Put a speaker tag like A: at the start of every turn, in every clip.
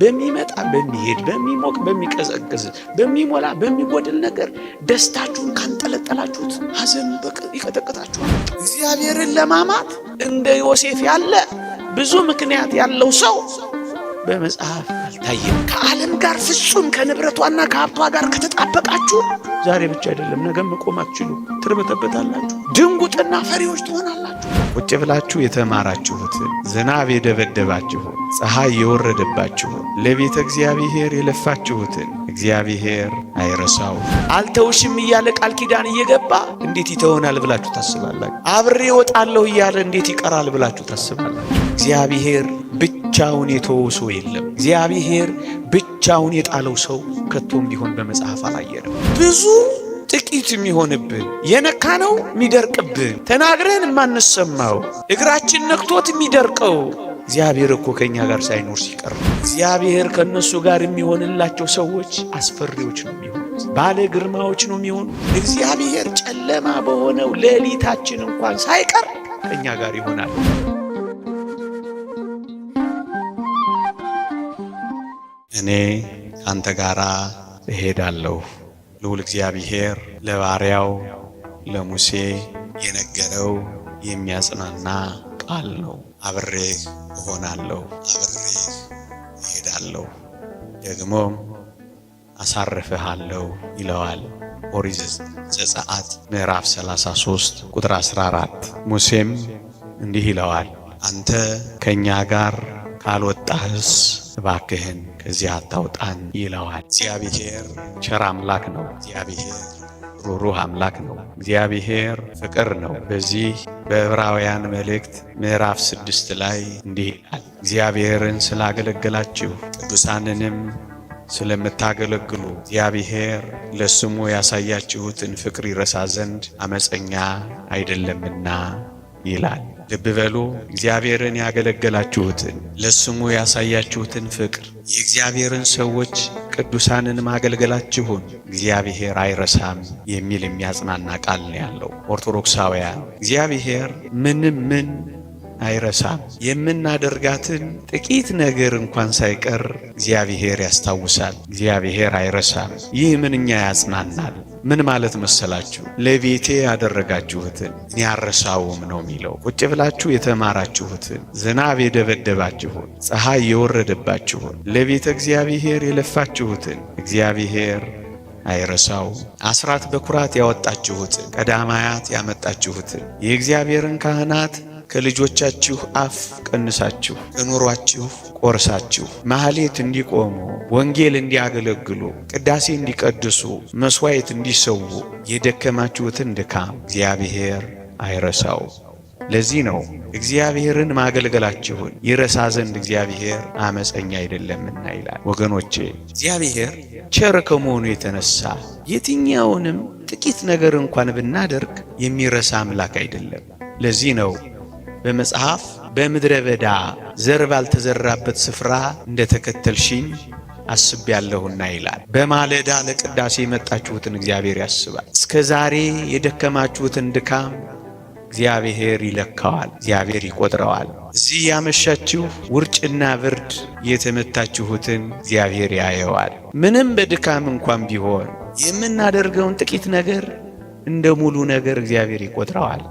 A: በሚመጣ በሚሄድ በሚሞቅ በሚቀዘቅዝ በሚሞላ በሚጎድል ነገር ደስታችሁን ካንጠለጠላችሁት ሐዘን ይቀጠቅጣችኋል። እግዚአብሔርን ለማማት እንደ ዮሴፍ ያለ ብዙ ምክንያት ያለው ሰው በመጽሐፍ አልታየም። ከዓለም ጋር ፍጹም ከንብረቷና ከሀብቷ ጋር ከተጣበቃችሁ ዛሬ ብቻ አይደለም ነገ መቆም አትችሉ፣ ትርበተበታላችሁ፣ ድንጉጥና ፈሪዎች ትሆናላችሁ።
B: ቁጭ ብላችሁ የተማራችሁትን፣ ዝናብ የደበደባችሁን፣ ፀሐይ የወረደባችሁን፣ ለቤተ እግዚአብሔር የለፋችሁትን እግዚአብሔር አይረሳው።
A: አልተውሽም እያለ ቃል ኪዳን እየገባ እንዴት ይተውናል ብላችሁ ታስባላችሁ? አብሬ ወጣለሁ እያለ እንዴት ይቀራል ብላችሁ ታስባላችሁ? እግዚአብሔር ብቻውን የተወ ሰው የለም። እግዚአብሔር ብቻውን የጣለው ሰው ከቶም ቢሆን በመጽሐፍ አላየንም ብዙ ጥቂት የሚሆንብን የነካነው የሚደርቅብን ተናግረን የማንሰማው እግራችን ነክቶት የሚደርቀው እግዚአብሔር እኮ ከእኛ ጋር ሳይኖር ሲቀር እግዚአብሔር ከእነሱ ጋር የሚሆንላቸው ሰዎች አስፈሪዎች ነው የሚሆኑት፣ ባለ ግርማዎች ነው የሚሆኑ። እግዚአብሔር ጨለማ በሆነው ሌሊታችን እንኳን ሳይቀር ከእኛ ጋር ይሆናል።
B: እኔ አንተ ጋር እሄዳለሁ። ልዑል እግዚአብሔር ለባሪያው ለሙሴ የነገረው የሚያጽናና ቃል ነው። አብሬህ እሆናለሁ፣ አብሬህ እሄዳለሁ፣ ደግሞም አሳርፍሃለሁ ይለዋል። ኦሪት ዘጸአት ምዕራፍ 33 ቁጥር 14። ሙሴም እንዲህ ይለዋል፣ አንተ ከእኛ ጋር ካልወጣህስ እባክህን ከዚህ አታውጣን ይለዋል። እግዚአብሔር ቸር አምላክ ነው። እግዚአብሔር ሩሩህ አምላክ ነው። እግዚአብሔር ፍቅር ነው። በዚህ በዕብራውያን መልእክት ምዕራፍ ስድስት ላይ እንዲህ ይላል፣ እግዚአብሔርን ስላገለገላችሁ ቅዱሳንንም ስለምታገለግሉ እግዚአብሔር ለስሙ ያሳያችሁትን ፍቅር ይረሳ ዘንድ አመፀኛ አይደለምና ይላል። ልብ በሉ እግዚአብሔርን ያገለገላችሁትን ለስሙ ያሳያችሁትን ፍቅር የእግዚአብሔርን ሰዎች ቅዱሳንን ማገልገላችሁን እግዚአብሔር አይረሳም የሚል የሚያጽናና ቃል ነው ያለው። ኦርቶዶክሳውያን እግዚአብሔር ምንም ምን አይረሳም። የምናደርጋትን ጥቂት ነገር እንኳን ሳይቀር እግዚአብሔር ያስታውሳል። እግዚአብሔር አይረሳም። ይህ ምንኛ ያጽናናል። ምን ማለት መሰላችሁ? ለቤቴ ያደረጋችሁትን እኔ አረሳውም ነው የሚለው። ቁጭ ብላችሁ የተማራችሁትን፣ ዝናብ የደበደባችሁን፣ ፀሐይ የወረደባችሁን፣ ለቤተ እግዚአብሔር የለፋችሁትን እግዚአብሔር አይረሳው። አስራት በኩራት ያወጣችሁትን፣ ቀዳማያት ያመጣችሁትን የእግዚአብሔርን ካህናት ከልጆቻችሁ አፍ ቀንሳችሁ ከኑሯችሁ ቆርሳችሁ ማህሌት እንዲቆሙ ወንጌል እንዲያገለግሉ ቅዳሴ እንዲቀድሱ መሥዋዕት እንዲሰዉ የደከማችሁትን ድካም እግዚአብሔር አይረሳው። ለዚህ ነው እግዚአብሔርን ማገልገላችሁን ይረሳ ዘንድ እግዚአብሔር አመፀኛ አይደለምና ይላል። ወገኖቼ እግዚአብሔር ቸር ከመሆኑ የተነሳ የትኛውንም ጥቂት ነገር እንኳን ብናደርግ የሚረሳ አምላክ አይደለም። ለዚህ ነው በመጽሐፍ በምድረ በዳ ዘር ባልተዘራበት ስፍራ እንደ ተከተልሽኝ ያለሁና ይላል። በማለዳ ለቅዳሴ የመጣችሁትን እግዚአብሔር ያስባል። እስከ ዛሬ የደከማችሁትን ድካም እግዚአብሔር ይለካዋል፣ እግዚአብሔር ይቆጥረዋል። እዚህ ያመሻችሁ ውርጭና ብርድ የተመታችሁትን እግዚአብሔር ያየዋል። ምንም በድካም እንኳን ቢሆን የምናደርገውን ጥቂት ነገር እንደ ሙሉ ነገር እግዚአብሔር ይቆጥረዋል።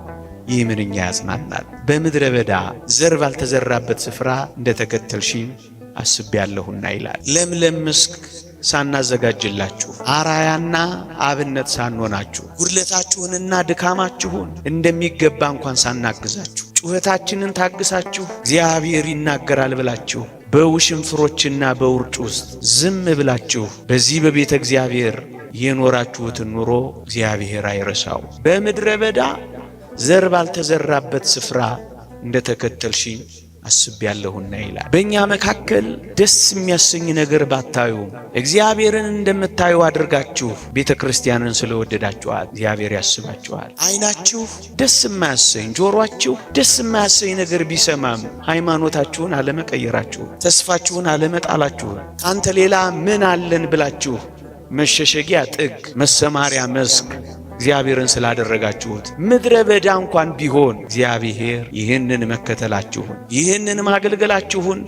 B: ይህ ምንኛ ያጽናናል። በምድረ በዳ ዘር ባልተዘራበት ስፍራ እንደ ተከተልሽኝ አስቤያለሁና ይላል። ለምለም ምስክ ሳናዘጋጅላችሁ አራያና አብነት ሳንሆናችሁ ጉድለታችሁንና ድካማችሁን እንደሚገባ እንኳን ሳናግዛችሁ ጩኸታችንን ታግሳችሁ እግዚአብሔር ይናገራል ብላችሁ በውሽንፍሮችና በውርጭ ውስጥ ዝም ብላችሁ በዚህ በቤተ እግዚአብሔር የኖራችሁትን ኑሮ እግዚአብሔር አይረሳው። በምድረ በዳ ዘር ባልተዘራበት ስፍራ አስብ አስቤያለሁና ይላል። በእኛ መካከል ደስ የሚያሰኝ ነገር ባታዩም እግዚአብሔርን እንደምታዩ አድርጋችሁ ቤተ ክርስቲያንን ስለወደዳችኋል እግዚአብሔር ያስባችኋል። ዓይናችሁ ደስ የማያሰኝ ጆሯችሁ ደስ የማያሰኝ ነገር ቢሰማም ሃይማኖታችሁን አለመቀየራችሁ፣ ተስፋችሁን አለመጣላችሁን ከአንተ ሌላ ምን አለን ብላችሁ መሸሸጊያ ጥግ፣ መሰማሪያ መስክ እግዚአብሔርን ስላደረጋችሁት። ምድረ በዳ እንኳን ቢሆን እግዚአብሔር ይህንን መከተላችሁን፣ ይህንን ማገልገላችሁን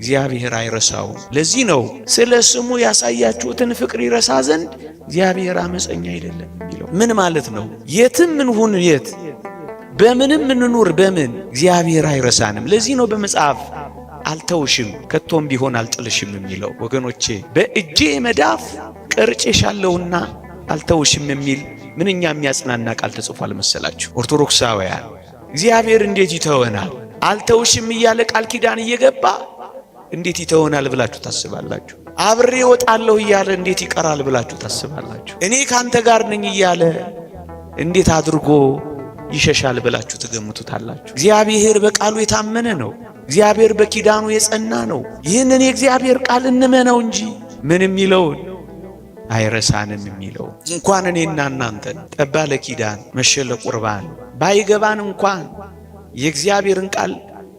B: እግዚአብሔር አይረሳውም። ለዚህ ነው ስለ ስሙ ያሳያችሁትን ፍቅር ይረሳ ዘንድ እግዚአብሔር አመፀኛ አይደለም የሚለው። ምን ማለት ነው? የትም እንሁን የት በምንም እንኑር በምን እግዚአብሔር አይረሳንም። ለዚህ ነው በመጽሐፍ አልተውሽም ከቶም ቢሆን አልጥልሽም የሚለው። ወገኖቼ በእጄ መዳፍ ቀርጬሻለሁና አልተውሽም የሚል ምንኛ የሚያጽናና ቃል ተጽፏል መሰላችሁ? ኦርቶዶክሳውያን እግዚአብሔር እንዴት ይተወናል አልተውሽም እያለ ቃል ኪዳን እየገባ እንዴት ይተወናል ብላችሁ ታስባላችሁ? አብሬ ወጣለሁ እያለ እንዴት ይቀራል ብላችሁ ታስባላችሁ? እኔ ካንተ ጋር ነኝ እያለ እንዴት አድርጎ ይሸሻል ብላችሁ ትገምቱታላችሁ? እግዚአብሔር በቃሉ የታመነ ነው። እግዚአብሔር በኪዳኑ የጸና ነው። ይህንን የእግዚአብሔር ቃል እንመነው እንጂ ምን የሚለውን አይረሳንም የሚለው እንኳን እኔና እናንተን ጠባለ ኪዳን መሸለ ቁርባን ባይገባን እንኳን የእግዚአብሔርን ቃል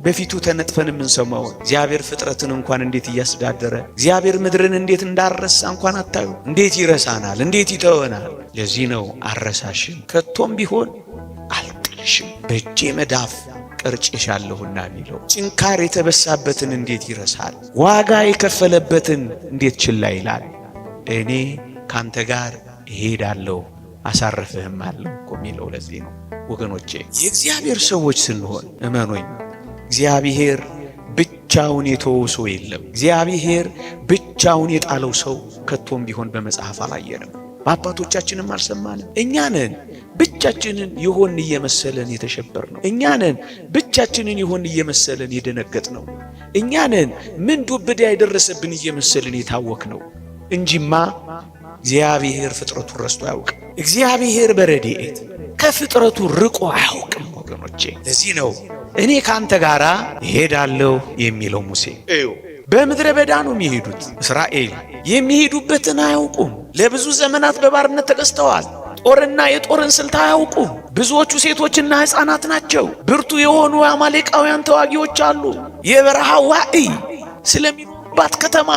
B: በፊቱ ተነጥፈን የምንሰማው እግዚአብሔር ፍጥረትን እንኳን እንዴት እያስተዳደረ እግዚአብሔር ምድርን እንዴት እንዳረሳ እንኳን አታዩ። እንዴት ይረሳናል? እንዴት ይተወናል? ለዚህ ነው አረሳሽም፣ ከቶም ቢሆን አልጥልሽም፣ በእጄ መዳፍ ቀርጬሻለሁና የሚለው ጭንካር የተበሳበትን እንዴት ይረሳል? ዋጋ የከፈለበትን እንዴት ችላ ይላል? እኔ ካንተ ጋር እሄዳለሁ አሳርፍህም አለው እኮ የሚለው ለዚህ ነው ወገኖቼ። የእግዚአብሔር ሰዎች ስንሆን እመኖኝ፣ እግዚአብሔር ብቻውን የተወው ሰው የለም። እግዚአብሔር ብቻውን የጣለው ሰው ከቶም ቢሆን በመጽሐፍ አላየንም፣ በአባቶቻችንም አልሰማንም። እኛ ነን ብቻችንን የሆን እየመሰለን የተሸበር ነው። እኛ ነን ብቻችንን የሆን እየመሰለን የደነገጥ ነው። እኛ ነን ምን ዱብዳ የደረሰብን እየመሰልን የታወክ ነው። እንጂማ እግዚአብሔር ፍጥረቱን ረስቶ አያውቅም። እግዚአብሔር በረድኤት ከፍጥረቱ ርቆ አያውቅም። ወገኖቼ ለዚህ ነው እኔ ከአንተ ጋር እሄዳለሁ የሚለው ሙሴ። በምድረ በዳ ነው የሚሄዱት እስራኤል። የሚሄዱበትን አያውቁም። ለብዙ ዘመናት በባርነት ተገዝተዋል። ጦርና የጦርን ስልት አያውቁም። ብዙዎቹ ሴቶችና ሕፃናት ናቸው። ብርቱ የሆኑ አማሌቃውያን ተዋጊዎች አሉ። የበረሃ ዋዕይ ስለሚ ስለሚኖሩባት ከተማ፣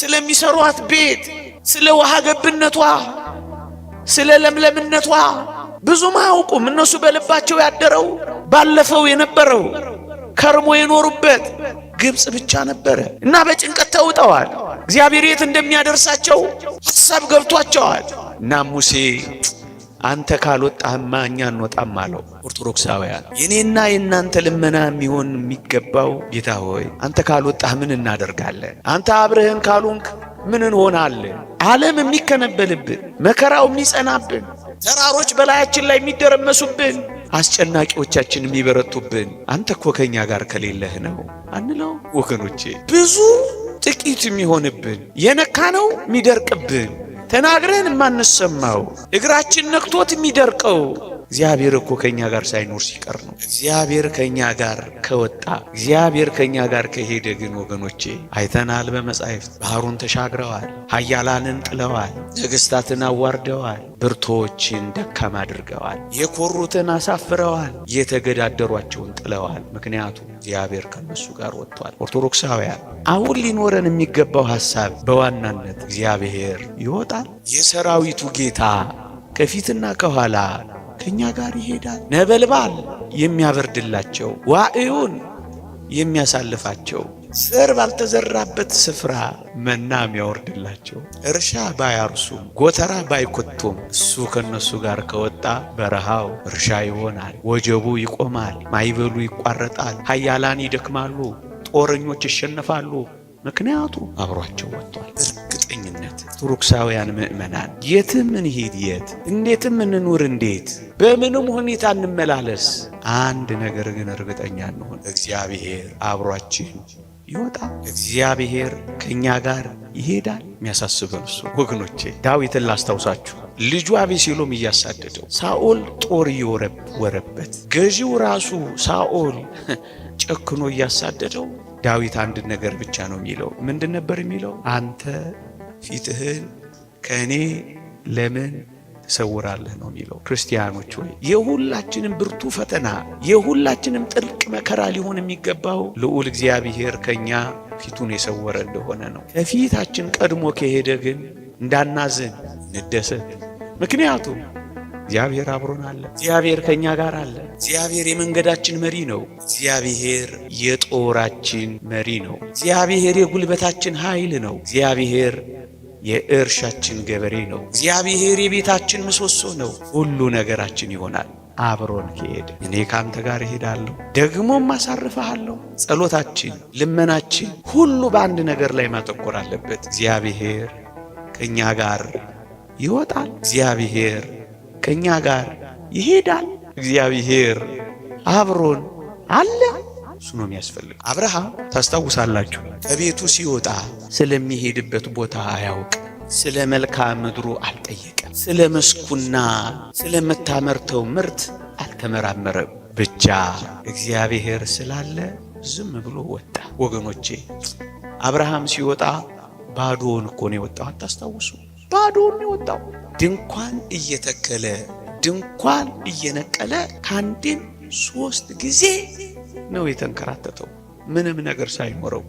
B: ስለሚሰሯት ቤት፣ ስለ ውሃ ገብነቷ፣ ስለ ለምለምነቷ ብዙም አያውቁም። እነሱ በልባቸው ያደረው ባለፈው የነበረው ከርሞ የኖሩበት ግብፅ ብቻ ነበረ እና በጭንቀት ተውጠዋል። እግዚአብሔር የት እንደሚያደርሳቸው ሐሳብ ገብቷቸዋል እና ሙሴ አንተ ካልወጣህማ እኛ እንወጣም አለው። ኦርቶዶክሳውያን የኔና የእናንተ ልመና የሚሆን የሚገባው ጌታ ሆይ አንተ ካልወጣህ ምን እናደርጋለን? አንተ አብረህን ካሉንክ ምን እንሆናለን? ዓለም የሚከነበልብን፣ መከራው የሚጸናብን፣ ተራሮች በላያችን ላይ የሚደረመሱብን፣ አስጨናቂዎቻችን የሚበረቱብን አንተ እኮ ከእኛ ጋር ከሌለህ ነው አንለው። ወገኖቼ ብዙ ጥቂት የሚሆንብን የነካነው የሚደርቅብን ተናግረን የማንሰማው እግራችን ነክቶት የሚደርቀው እግዚአብሔር እኮ ከእኛ ጋር ሳይኖር ሲቀር ነው። እግዚአብሔር ከእኛ ጋር ከወጣ እግዚአብሔር ከእኛ ጋር ከሄደ ግን ወገኖቼ አይተናል። በመጻሕፍት ባህሩን ተሻግረዋል፣ ኃያላንን ጥለዋል፣ ነገሥታትን አዋርደዋል፣ ብርቶችን ደካማ አድርገዋል፣ የኮሩትን አሳፍረዋል፣ የተገዳደሯቸውን ጥለዋል። ምክንያቱም እግዚአብሔር ከነሱ ጋር ወጥቷል። ኦርቶዶክሳውያን አሁን ሊኖረን የሚገባው ሐሳብ በዋናነት እግዚአብሔር ይወጣል፣ የሰራዊቱ ጌታ ከፊትና ከኋላ ከእኛ ጋር ይሄዳል። ነበልባል የሚያበርድላቸው፣ ዋዕዩን የሚያሳልፋቸው፣ ዘር ባልተዘራበት ስፍራ መና የሚያወርድላቸው፣ እርሻ ባያርሱም ጎተራ ባይኮቱም እሱ ከነሱ ጋር ከወጣ በረሃው እርሻ ይሆናል፣ ወጀቡ ይቆማል፣ ማይበሉ ይቋረጣል፣ ኃያላን ይደክማሉ፣ ጦረኞች ይሸነፋሉ። ምክንያቱ አብሯቸው ወጥቷል። በእርግጠኝነት ኦርቶዶክሳውያን ምእመናን የትም እንሂድ የት እንዴትም እንኑር እንዴት በምንም ሁኔታ እንመላለስ፣ አንድ ነገር ግን እርግጠኛ እንሆን፣ እግዚአብሔር አብሯችን ይወጣ እግዚአብሔር ከእኛ ጋር ይሄዳል። የሚያሳስበን እሱ ወገኖቼ። ዳዊትን ላስታውሳችሁ፣ ልጁ አቤሴሎም እያሳደደው ሳኦል ጦር እየወረወረበት ገዢው ራሱ ሳኦል ጨክኖ እያሳደደው ዳዊት አንድ ነገር ብቻ ነው የሚለው። ምንድን ነበር የሚለው? አንተ ፊትህን ከእኔ ለምን ትሰውራለህ ነው የሚለው። ክርስቲያኖች ሆይ የሁላችንም ብርቱ ፈተና የሁላችንም ጥልቅ መከራ ሊሆን የሚገባው ልዑል እግዚአብሔር ከእኛ ፊቱን የሰወረ እንደሆነ ነው። ከፊታችን ቀድሞ ከሄደ ግን እንዳናዝን እንደሰት ምክንያቱም እግዚአብሔር አብሮን አለ። እግዚአብሔር ከእኛ ጋር አለ። እግዚአብሔር የመንገዳችን መሪ ነው። እግዚአብሔር የጦራችን መሪ ነው። እግዚአብሔር የጉልበታችን ኃይል ነው። እግዚአብሔር የእርሻችን ገበሬ ነው። እግዚአብሔር የቤታችን ምሰሶ ነው። ሁሉ ነገራችን ይሆናል። አብሮን ከሄድ እኔ ከአንተ ጋር እሄዳለሁ፣ ደግሞም አሳርፈሃለሁ። ጸሎታችን፣ ልመናችን ሁሉ በአንድ ነገር ላይ ማተኮር አለበት። እግዚአብሔር ከእኛ ጋር ይወጣል። እግዚአብሔር ከእኛ ጋር ይሄዳል። እግዚአብሔር አብሮን አለ። እሱ ነው የሚያስፈልግ። አብርሃም ታስታውሳላችሁ፣ ከቤቱ ሲወጣ ስለሚሄድበት ቦታ አያውቅ፣ ስለ መልክዓ ምድሩ አልጠየቀም፣ ስለ መስኩና ስለምታመርተው ምርት አልተመራመረም። ብቻ እግዚአብሔር ስላለ ዝም ብሎ ወጣ። ወገኖቼ አብርሃም ሲወጣ ባዶውን እኮ ነው የወጣው። አታስታውሱ? ባዶውን ነው የወጣው። ድንኳን እየተከለ ድንኳን እየነቀለ ከአንዴም ሶስት ጊዜ ነው የተንከራተተው ምንም ነገር ሳይኖረው።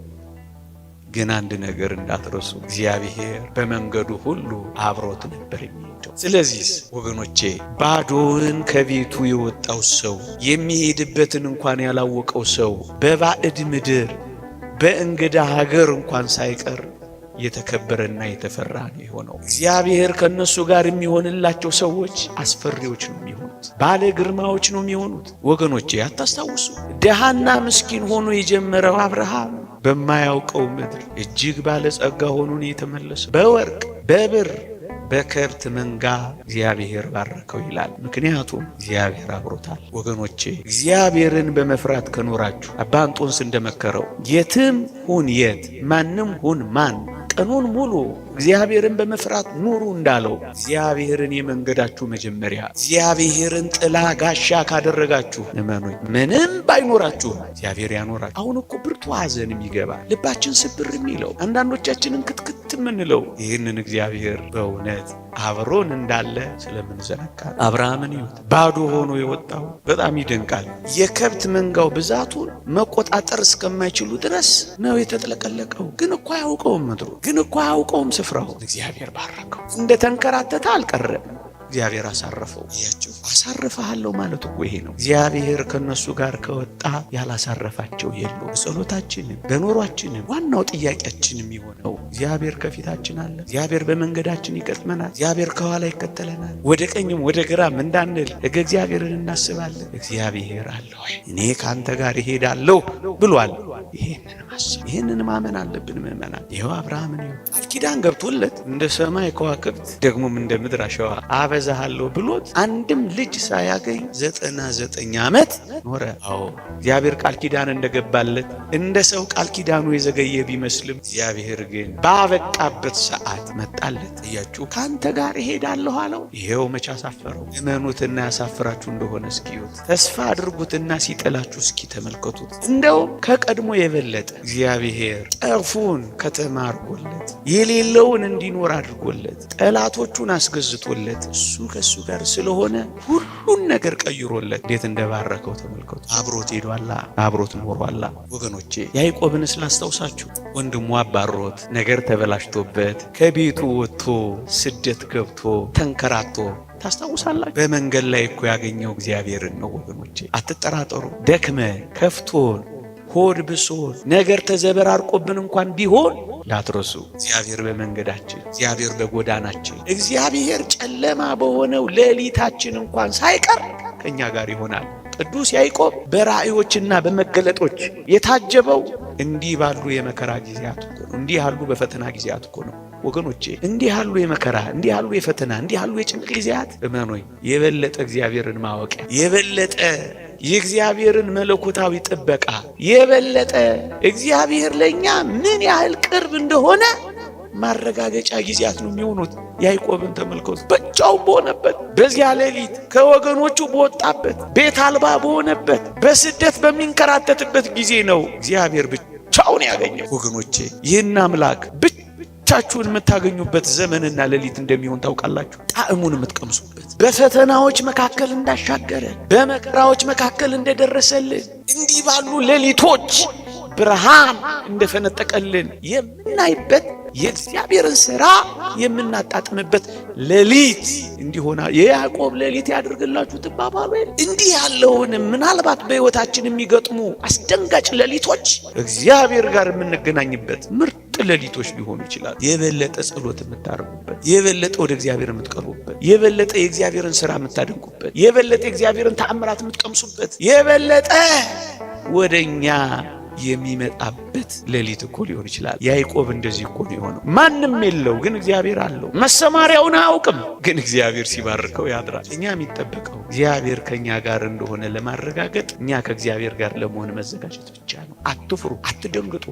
B: ግን አንድ ነገር እንዳትረሱ፣ እግዚአብሔር በመንገዱ ሁሉ አብሮት ነበር የሚሄደው። ስለዚህ ወገኖቼ ባዶውን ከቤቱ የወጣው ሰው የሚሄድበትን እንኳን ያላወቀው ሰው በባዕድ ምድር በእንግዳ ሀገር እንኳን ሳይቀር የተከበረና የተፈራ ነው የሆነው። እግዚአብሔር ከእነሱ ጋር የሚሆንላቸው ሰዎች አስፈሪዎች ነው የሚሆኑት፣ ባለ ግርማዎች ነው የሚሆኑት። ወገኖቼ አታስታውሱ? ደሃና ምስኪን ሆኖ የጀመረው አብርሃም በማያውቀው ምድር እጅግ ባለጸጋ ሆኖ ነው የተመለሰው። በወርቅ በብር በከብት መንጋ እግዚአብሔር ባረከው ይላል። ምክንያቱም እግዚአብሔር አብሮታል። ወገኖቼ እግዚአብሔርን በመፍራት ከኖራችሁ አባ እንጦንስ እንደመከረው የትም ሁን የት ማንም ሁን ማን ቀኑን ሙሉ እግዚአብሔርን በመፍራት ኑሩ እንዳለው እግዚአብሔርን የመንገዳችሁ መጀመሪያ እግዚአብሔርን ጥላ ጋሻ ካደረጋችሁ እመኖኝ ምንም ባይኖራችሁ እግዚአብሔር ያኖራችሁ። አሁን እኮ ብርቱ ሐዘን የሚገባ ልባችን ስብር የሚለው አንዳንዶቻችንን ክትክት የምንለው ይህንን እግዚአብሔር በእውነት አብሮን እንዳለ ስለምንዘነጋ አብርሃምን ይወት ባዶ ሆኖ የወጣው በጣም ይደንቃል። የከብት መንጋው ብዛቱን መቆጣጠር እስከማይችሉ ድረስ ነው የተጥለቀለቀው። ግን እኮ አያውቀውም ምድሩ ግን እኮ አያውቀውም ስፍራውን እግዚአብሔር ባረከው። ተንከራተተ አልቀረም። እግዚአብሔር አሳረፈው። እያቸው አሳርፈሃለሁ ማለት እኮ ይሄ ነው። እግዚአብሔር ከእነሱ ጋር ከወጣ ያላሳረፋቸው የሉ። በጸሎታችንም በኖሯችንም ዋናው ጥያቄያችን የሆነው እግዚአብሔር ከፊታችን አለ፣ እግዚአብሔር በመንገዳችን ይቀጥመናል፣ እግዚአብሔር ከኋላ ይከተለናል፣ ወደ ቀኝም ወደ ግራም እንዳንል ሕገ እግዚአብሔርን እናስባለን። እግዚአብሔር አለ እኔ ከአንተ ጋር ይሄዳለሁ ብሏል። ብሏል። ይህንን ማሰብ ይህንን ማመን አለብን ምዕመናን። ይኸው አብርሃምን ይኸው ቃል ኪዳን ገብቶለት እንደ ሰማይ ከዋክብት ደግሞም እንደ ምድር አሸዋ አበዛሃለሁ ብሎት አንድም ልጅ ሳያገኝ ዘጠና ዘጠኝ ዓመት ኖረ። አዎ እግዚአብሔር ቃል ኪዳን እንደገባለት እንደ ሰው ቃል ኪዳኑ የዘገየ ቢመስልም እግዚአብሔር ግን ባበቃበት ሰዓት መጣለት። እያችሁ ከአንተ ጋር እሄዳለሁ አለው። ይኸው መቼ አሳፈረው? እመኑትና ያሳፍራችሁ እንደሆነ እስኪዩት፣ ተስፋ አድርጉትና ሲጥላችሁ እስኪ ተመልከቱት። እንደውም ከቀድሞ ደግሞ የበለጠ እግዚአብሔር ጠፉን ከተማርጎለት የሌለውን እንዲኖር አድርጎለት ጠላቶቹን አስገዝቶለት እሱ ከእሱ ጋር ስለሆነ ሁሉን ነገር ቀይሮለት እንዴት እንደባረከው ተመልከቱ። አብሮት ሄዷላ፣ አብሮት ኖሯላ። ወገኖቼ ያዕቆብንስ ስላስታውሳችሁ ወንድሙ አባሮት ነገር ተበላሽቶበት ከቤቱ ወጥቶ ስደት ገብቶ ተንከራቶ ታስታውሳላችሁ። በመንገድ ላይ እኮ ያገኘው እግዚአብሔርን ነው ወገኖቼ፣ አትጠራጠሩ። ደክመ ከፍቶን ሆድ ብሶን ነገር ተዘበራርቆብን እንኳን ቢሆን ላትረሱ። እግዚአብሔር በመንገዳችን፣ እግዚአብሔር በጎዳናችን፣ እግዚአብሔር ጨለማ በሆነው ሌሊታችን እንኳን ሳይቀር ከእኛ ጋር ይሆናል። ቅዱስ ያዕቆብ በራእዮችና በመገለጦች የታጀበው እንዲህ ባሉ የመከራ ጊዜያት እኮ ነው። እንዲህ ያሉ በፈተና ጊዜያት እኮ ነው ወገኖቼ። እንዲህ ያሉ የመከራ እንዲህ ያሉ የፈተና እንዲህ ያሉ የጭንቅ ጊዜያት እመኖኝ የበለጠ እግዚአብሔርን ማወቂያ የበለጠ የእግዚአብሔርን መለኮታዊ ጥበቃ የበለጠ እግዚአብሔር ለእኛ ምን ያህል ቅርብ እንደሆነ ማረጋገጫ ጊዜያት ነው የሚሆኑት። ያይቆብን ተመልከቱ። ብቻው በሆነበት በዚያ ሌሊት ከወገኖቹ በወጣበት ቤት አልባ በሆነበት በስደት በሚንከራተትበት ጊዜ ነው እግዚአብሔር ብቻውን ያገኘ። ወገኖቼ ይህን አምላክ ብቻችሁን የምታገኙበት ዘመንና ሌሊት እንደሚሆን ታውቃላችሁ። ጣዕሙን የምትቀምሱበት በፈተናዎች መካከል እንዳሻገረ በመከራዎች መካከል እንደደረሰልን እንዲህ ባሉ ሌሊቶች ብርሃን እንደፈነጠቀልን የምናይበት የእግዚአብሔርን ስራ የምናጣጥምበት ሌሊት እንዲሆና የያዕቆብ ሌሊት ያድርግላችሁ ትባባሉ። እንዲህ ያለውን ምናልባት በሕይወታችን የሚገጥሙ አስደንጋጭ ሌሊቶች እግዚአብሔር ጋር የምንገናኝበት ምርት ሌሊቶች ሊሆኑ ይችላሉ። የበለጠ ጸሎት የምታደርጉበት፣ የበለጠ ወደ እግዚአብሔር የምትቀርቡበት፣ የበለጠ የእግዚአብሔርን ስራ የምታደንቁበት፣ የበለጠ የእግዚአብሔርን ተአምራት የምትቀምሱበት፣ የበለጠ ወደ እኛ የሚመጣበት ሌሊት እኮ ሊሆን ይችላል። ያዕቆብ እንደዚህ እኮ ነው የሆነው። ማንም የለው ግን እግዚአብሔር አለው። መሰማሪያውን አያውቅም ግን እግዚአብሔር ሲባርከው ያድራል። እኛ የሚጠበቀው እግዚአብሔር ከእኛ ጋር እንደሆነ ለማረጋገጥ እኛ ከእግዚአብሔር ጋር ለመሆን መዘጋጀት ብቻ ነው። አትፍሩ፣ አትደንግጡ።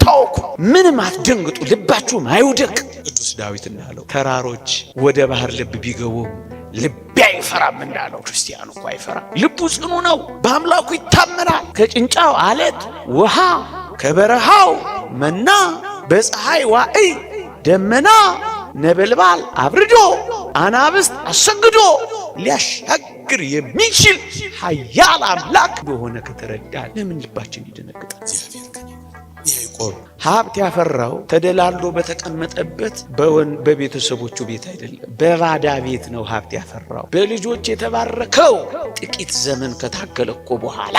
B: አታወኩ፣ ምንም አትደንግጡ፣ ልባችሁም አይውደቅ። ቅዱስ ዳዊት እንዳለው ተራሮች ወደ ባህር ልብ ቢገቡ ልቤ አይፈራም እንዳለው ክርስቲያኑ እኮ አይፈራም። ልቡ ጽኑ ነው፣ በአምላኩ ይታመናል። ከጭንጫው አለት ውሃ፣ ከበረሃው መና፣ በፀሐይ ዋዕይ ደመና ነበልባል አብርዶ አናብስት አሰግዶ ሊያሻግር የሚችል ኃያል አምላክ በሆነ ከተረዳ ለምን ልባችን ይደነግጣል? ቆሮ ሀብት ያፈራው ተደላሎ በተቀመጠበት በቤተሰቦቹ ቤት አይደለም፣ በባዳ ቤት ነው ሀብት ያፈራው። በልጆች የተባረከው ጥቂት ዘመን ከታገለኮ በኋላ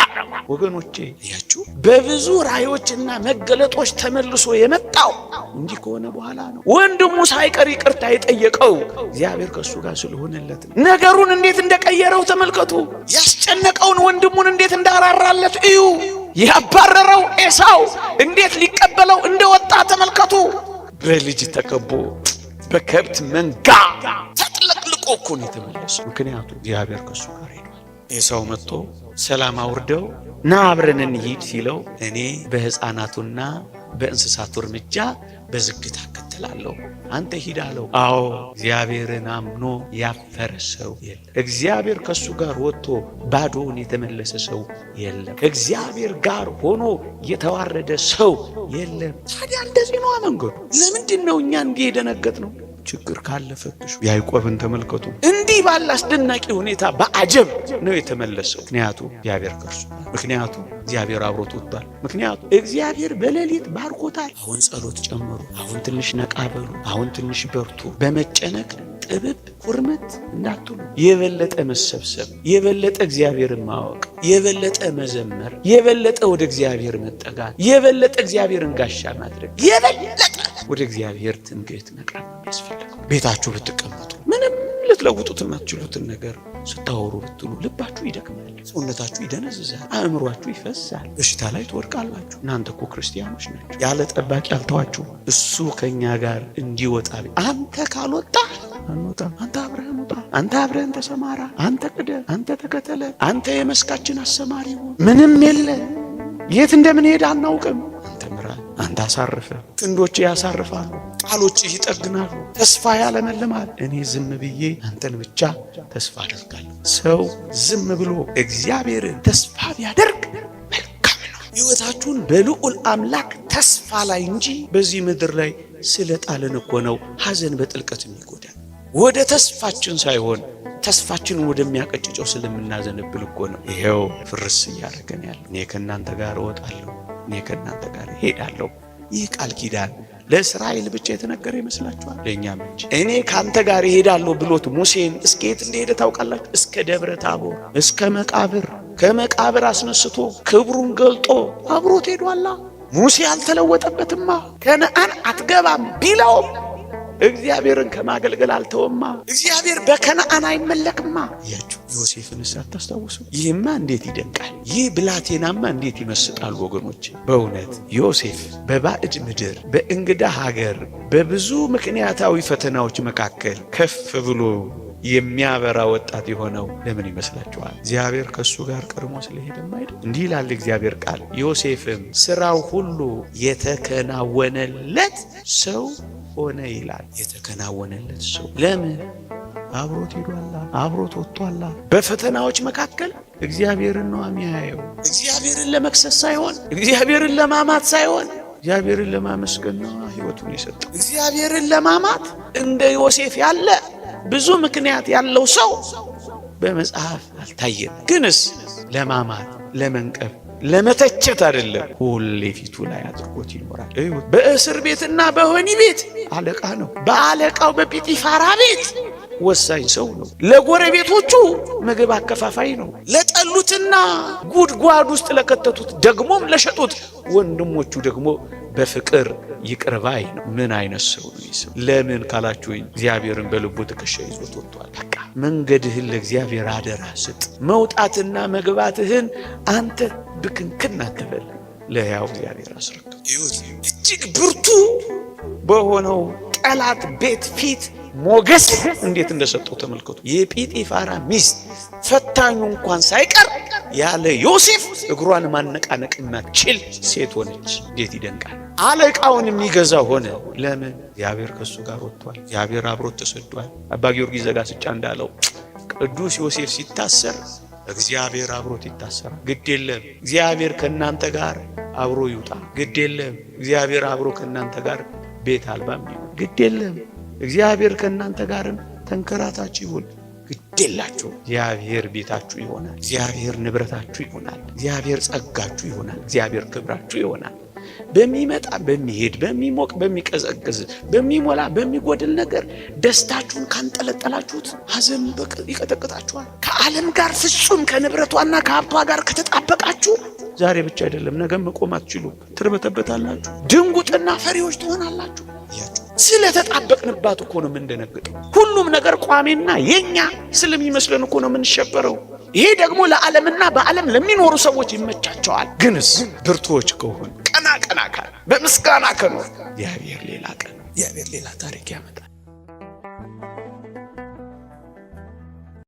B: ወገኖቼ፣ ያችሁ በብዙ ራዮችና መገለጦች ተመልሶ የመጣው እንዲህ ከሆነ በኋላ ነው። ወንድሙ ሳይቀር ይቅርታ የጠየቀው እግዚአብሔር ከእሱ ጋር ስለሆነለት ነገሩን እንዴት እንደቀየረው ተመልከቱ። ያስጨነቀውን ወንድሙን እንዴት እንዳራራለት እዩ። ያባረረው ኤሳው እንዴት ሊቀበለው እንደወጣ ተመልከቱ። በልጅ ተከቦ በከብት መንጋ ተጥለቅልቆ እኮ ነው የተመለሰው። ምክንያቱ እግዚአብሔር ከሱ ጋር ሄዷል። ኤሳው መጥቶ ሰላም አውርደው ና አብረን እንሂድ ሲለው እኔ በሕፃናቱና በእንስሳቱ እርምጃ በዝግታ እመስላለሁ። አንተ ሂድ አለው። አዎ እግዚአብሔርን አምኖ ያፈረ ሰው የለም። እግዚአብሔር ከእሱ ጋር ወጥቶ ባዶውን የተመለሰ ሰው የለም። እግዚአብሔር ጋር ሆኖ የተዋረደ ሰው የለም። ታዲያ እንደዚህ ነዋ መንገዱ። ለምንድን ነው እኛ እንዲህ የደነገጥ ነው? ችግር ካለፈብሽ ያዕቆብን ተመልከቱ። እንዲህ ባለ አስደናቂ ሁኔታ በአጀብ ነው የተመለሰው። ምክንያቱ እግዚአብሔር ከርሱ፣ ምክንያቱ እግዚአብሔር አብሮት ወጥቷል፣ ምክንያቱ እግዚአብሔር በሌሊት ባርኮታል። አሁን ጸሎት ጨምሩ፣ አሁን ትንሽ ነቃ በሉ፣ አሁን ትንሽ በርቱ። በመጨነቅ ጥብብ ኩርምት እንዳትሉ፣ የበለጠ መሰብሰብ፣ የበለጠ እግዚአብሔርን ማወቅ፣ የበለጠ መዘመር፣ የበለጠ ወደ እግዚአብሔር መጠጋት፣ የበለጠ እግዚአብሔርን ጋሻ ማድረግ፣ የበለጠ ወደ እግዚአብሔር ትንግት መቅረብ ያስፈልጋል። ቤታችሁ ብትቀመጡ ምንም ልትለውጡት የማትችሉትን ነገር ስታወሩ ብትሉ ልባችሁ ይደክማል፣ ሰውነታችሁ ይደነዝዛል፣ አእምሯችሁ ይፈሳል፣ በሽታ ላይ ትወድቃላችሁ። እናንተ እኮ ክርስቲያኖች ናቸው። ያለ ጠባቂ አልተዋችሁም። እሱ ከእኛ ጋር እንዲወጣ አንተ ካልወጣ እንውጣ። አንተ አብረህን ውጣ። አንተ አብረህን ተሰማራ። አንተ ቅደ፣ አንተ ተከተለ፣ አንተ የመስካችን አሰማሪ ሁን። ምንም የለ፣ የት እንደምንሄድ አናውቅም። አንተ ምራ፣ አንተ አሳርፈ። ጥንዶች ያሳርፋሉ፣ ቃሎች ይጠግናሉ፣ ተስፋ ያለመልማል። እኔ ዝም ብዬ አንተን ብቻ ተስፋ አደርጋለሁ። ሰው ዝም ብሎ እግዚአብሔርን ተስፋ ቢያደርግ መልካም ነው። ሕይወታችሁን በልዑል አምላክ ተስፋ ላይ እንጂ በዚህ ምድር ላይ ስለ ጣልን እኮ ነው ሐዘን በጥልቀት የሚጎዳ ወደ ተስፋችን ሳይሆን ተስፋችንን ወደሚያቀጭጨው ስለምናዘንብል እኮ ነው። ይሄው ፍርስ እያደረገን ያለ እኔ ከእናንተ ጋር እወጣለሁ፣ እኔ ከእናንተ ጋር እሄዳለሁ። ይህ ቃል ኪዳን ለእስራኤል ብቻ የተነገረ ይመስላችኋል? ለእኛም እንጂ እኔ ከአንተ ጋር እሄዳለሁ ብሎት ሙሴን እስከ የት እንደሄደ ታውቃላችሁ? እስከ ደብረ ታቦር፣ እስከ መቃብር፣ ከመቃብር አስነስቶ ክብሩን ገልጦ አብሮት ሄዷላ። ሙሴ አልተለወጠበትማ። ከነአን አትገባም ቢለውም እግዚአብሔርን ከማገልገል አልተወማ። እግዚአብሔር በከነአን አይመለክማ። ያችሁ ዮሴፍንስ አታስታውሱ? ይህማ እንዴት ይደንቃል! ይህ ብላቴናማ እንዴት ይመስጣል! ወገኖች በእውነት ዮሴፍ በባዕድ ምድር፣ በእንግዳ ሀገር፣ በብዙ ምክንያታዊ ፈተናዎች መካከል ከፍ ብሎ የሚያበራ ወጣት የሆነው ለምን ይመስላችኋል? እግዚአብሔር ከእሱ ጋር ቀድሞ ስለሄደም አይደል? እንዲህ ይላል እግዚአብሔር ቃል፣ ዮሴፍም ስራው ሁሉ የተከናወነለት ሰው ሆነ ይላል የተከናወነለት ሰው። ለምን አብሮት ሄዷላ አብሮት ወጥቷላ። በፈተናዎች መካከል እግዚአብሔርን ነው የሚያየው። እግዚአብሔርን ለመክሰስ ሳይሆን፣ እግዚአብሔርን ለማማት ሳይሆን እግዚአብሔርን ለማመስገን ነው ህይወቱን የሰጠው። እግዚአብሔርን ለማማት እንደ ዮሴፍ ያለ ብዙ ምክንያት ያለው ሰው በመጽሐፍ አልታየም። ግንስ ለማማት ለመንቀፍ ለመተቸት አይደለም። ሁሌ ፊቱ ላይ አድርጎት ይኖራል። በእስር ቤትና በወህኒ ቤት አለቃ ነው። በአለቃው በጲጢፋራ ቤት ወሳኝ ሰው ነው። ለጎረቤቶቹ ምግብ አከፋፋይ ነው። ለጠሉትና ጉድጓድ ውስጥ ለከተቱት ደግሞም ለሸጡት ወንድሞቹ ደግሞ በፍቅር ይቅርባይ ነው። ምን አይነት ሰው ነው ይስም? ለምን ካላችሁ እግዚአብሔርን በልቡ ትከሻ ይዞት ወጥቷል። በቃ መንገድህን ለእግዚአብሔር አደራ ስጥ። መውጣትና መግባትህን አንተ ብክንክን አትበል። ለሕያው እግዚአብሔር አስረክቶ እጅግ ብርቱ በሆነው ጠላት ቤት ፊት ሞገስ እንዴት እንደሰጠው ተመልከቱ። የጲጢፋራ ሚስት ፈታኙ እንኳን ሳይቀር ያለ ዮሴፍ እግሯን ማነቃነቅ የማትችል ሴት ሆነች። እንዴት ይደንቃል! አለቃውን የሚገዛ ሆነ። ለምን? እግዚአብሔር ከእሱ ጋር ወጥቷል። እግዚአብሔር አብሮት ተሰዷል። አባ ጊዮርጊስ ዘጋስጫ እንዳለው ቅዱስ ዮሴፍ ሲታሰር እግዚአብሔር አብሮት ይታሰራል። ግድ የለም እግዚአብሔር ከእናንተ ጋር አብሮ ይውጣ። ግድ የለም እግዚአብሔር አብሮ ከእናንተ ጋር ቤት አልባም ይሁን። ግድ የለም እግዚአብሔር ከእናንተ ጋርም ተንከራታች ይሁን። ግዴላችሁ እግዚአብሔር ቤታችሁ ይሆናል። እግዚአብሔር ንብረታችሁ ይሆናል። እግዚአብሔር ጸጋችሁ ይሆናል። እግዚአብሔር ክብራችሁ ይሆናል። በሚመጣ በሚሄድ በሚሞቅ በሚቀዘቅዝ በሚሞላ በሚጎድል ነገር ደስታችሁን ካንጠለጠላችሁት ሐዘን ይቀጠቅጣችኋል። ከዓለም ጋር ፍጹም ከንብረቷና ከሀብቷ ጋር ከተጣበቃችሁ ዛሬ ብቻ አይደለም ነገ መቆም አትችሉ፣ ትርበተበታላችሁ፣ ድንጉጥና ፈሪዎች ትሆናላችሁ። አያቸው። ስለተጣበቅንባት እኮ ነው የምንደነግጠው። ሁሉም ነገር ቋሚና የኛ ስለሚመስለን እኮ ነው የምንሸበረው። ይሄ ደግሞ ለዓለምና በዓለም ለሚኖሩ ሰዎች ይመቻቸዋል። ግንስ ብርቱዎች ከሆን ቀና ቀና ካል በምስጋና ከኖር እግዚአብሔር ሌላ ቀን፣ እግዚአብሔር ሌላ ታሪክ ያመጣል።